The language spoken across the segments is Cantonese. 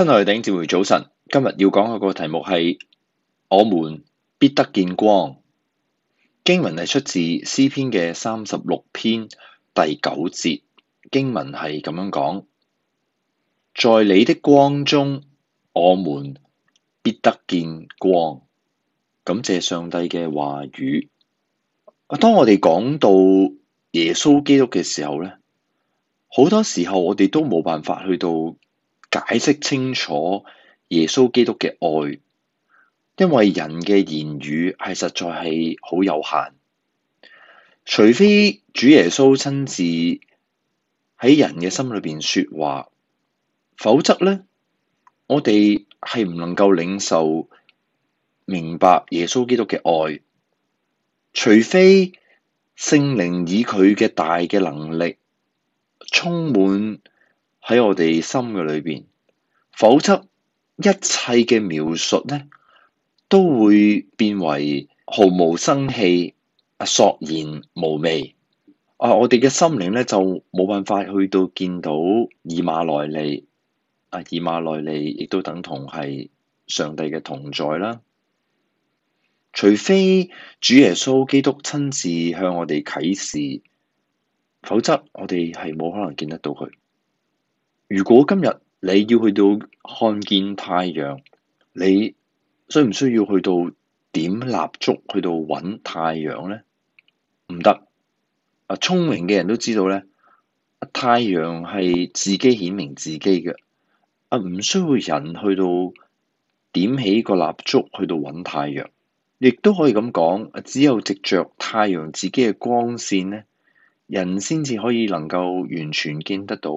親愛嘅弟兄姊妹，早晨，今日要講嘅個題目係我們必得見光。經文係出自詩篇嘅三十六篇第九節，經文係咁樣講，在你的光中，我們必得見光。感謝上帝嘅話語。當我哋講到耶穌基督嘅時候咧，好多時候我哋都冇辦法去到。解釋清楚耶穌基督嘅愛，因為人嘅言語係實在係好有限，除非主耶穌親自喺人嘅心裏邊說話，否則咧，我哋係唔能夠領受明白耶穌基督嘅愛，除非聖靈以佢嘅大嘅能力充滿，喺我哋心嘅裏邊，否則一切嘅描述呢，都會變為毫無生氣、索然無味。啊，我哋嘅心靈呢就冇辦法去到見到以馬內利。啊，以馬內利亦都等同係上帝嘅同在啦。除非主耶穌基督親自向我哋啟示，否則我哋係冇可能見得到佢。如果今日你要去到看見太陽，你需唔需要去到點蠟燭去到揾太陽咧？唔得。啊，聰明嘅人都知道咧，啊，太陽係自己顯明自己嘅，啊唔需要人去到點起個蠟燭去到揾太陽。亦都可以咁講，只有藉着太陽自己嘅光線咧，人先至可以能夠完全見得到。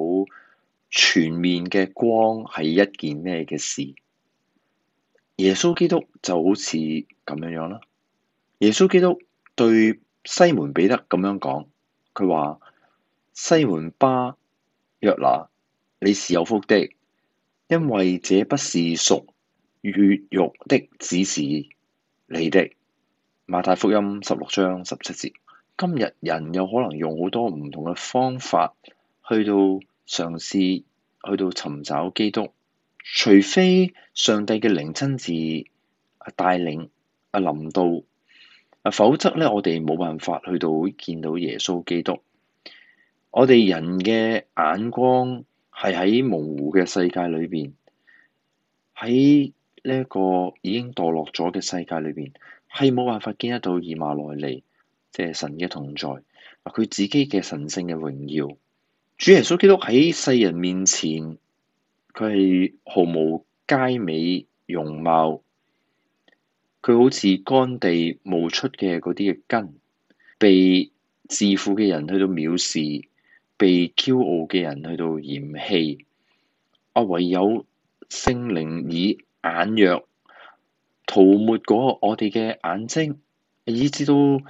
全面嘅光係一件咩嘅事？耶穌基督就好似咁樣樣啦。耶穌基督對西門彼得咁樣講，佢話：西門巴約拿，你是有福的，因為這不是屬血肉的，指示你的。馬太福音十六章十七節。今日人有可能用好多唔同嘅方法去到。嘗試去到尋找基督，除非上帝嘅靈親自帶領、啊臨到，否則咧，我哋冇辦法去到見到耶穌基督。我哋人嘅眼光係喺模糊嘅世界裏邊，喺呢一個已經墮落咗嘅世界裏邊，係冇辦法見得到以馬內利，即係神嘅同在，佢自己嘅神性嘅榮耀。主耶穌基督喺世人面前，佢係毫無佳美容貌，佢好似乾地冒出嘅嗰啲嘅根，被自負嘅人去到藐視，被驕傲嘅人去到嫌棄，啊唯有聖靈以眼藥塗抹過我哋嘅眼睛，以至到聖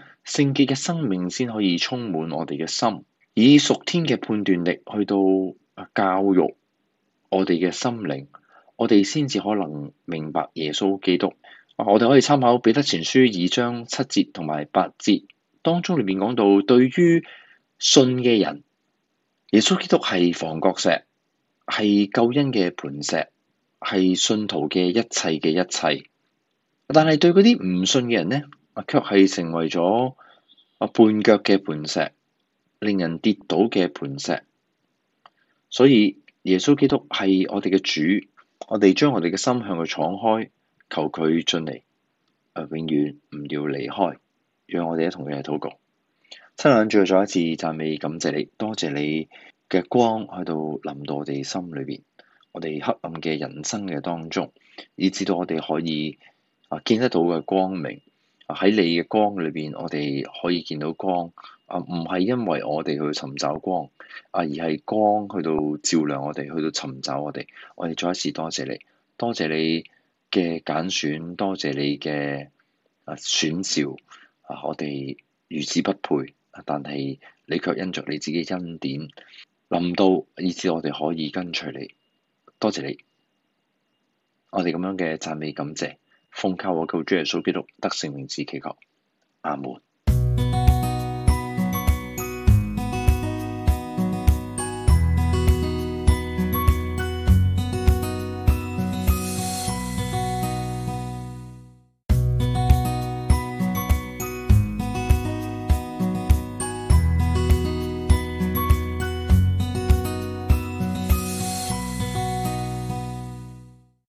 潔嘅生命先可以充滿我哋嘅心。以屬天嘅判斷力去到教育我哋嘅心靈，我哋先至可能明白耶穌基督。我哋可以參考彼得前書二章七節同埋八節當中裏面講到，對於信嘅人，耶穌基督係房角石，係救恩嘅磐石，係信徒嘅一切嘅一切。但係對嗰啲唔信嘅人呢，卻係成為咗啊絆腳嘅磐石。令人跌倒嘅磐石，所以耶穌基督係我哋嘅主，我哋將我哋嘅心向佢敞開，求佢進嚟，永遠唔要離開，讓我哋一同佢嚟禱告。親，最後再一次讚美，感謝你，多謝你嘅光喺度臨到我哋心裏邊，我哋黑暗嘅人生嘅當中，以至到我哋可以啊見得到嘅光明啊喺你嘅光裏邊，我哋可以見到光。啊！唔係因為我哋去尋找光啊，而係光去到照亮我哋，去到尋找我哋。我哋再一次多謝你，多謝你嘅揀選，多謝你嘅啊選召啊！我哋如此不配、啊、但係你卻因着你自己恩典，臨到以致我哋可以跟隨你。多謝你，我哋咁樣嘅讚美感謝，奉靠我救主耶穌基督得勝名字祈求，阿門。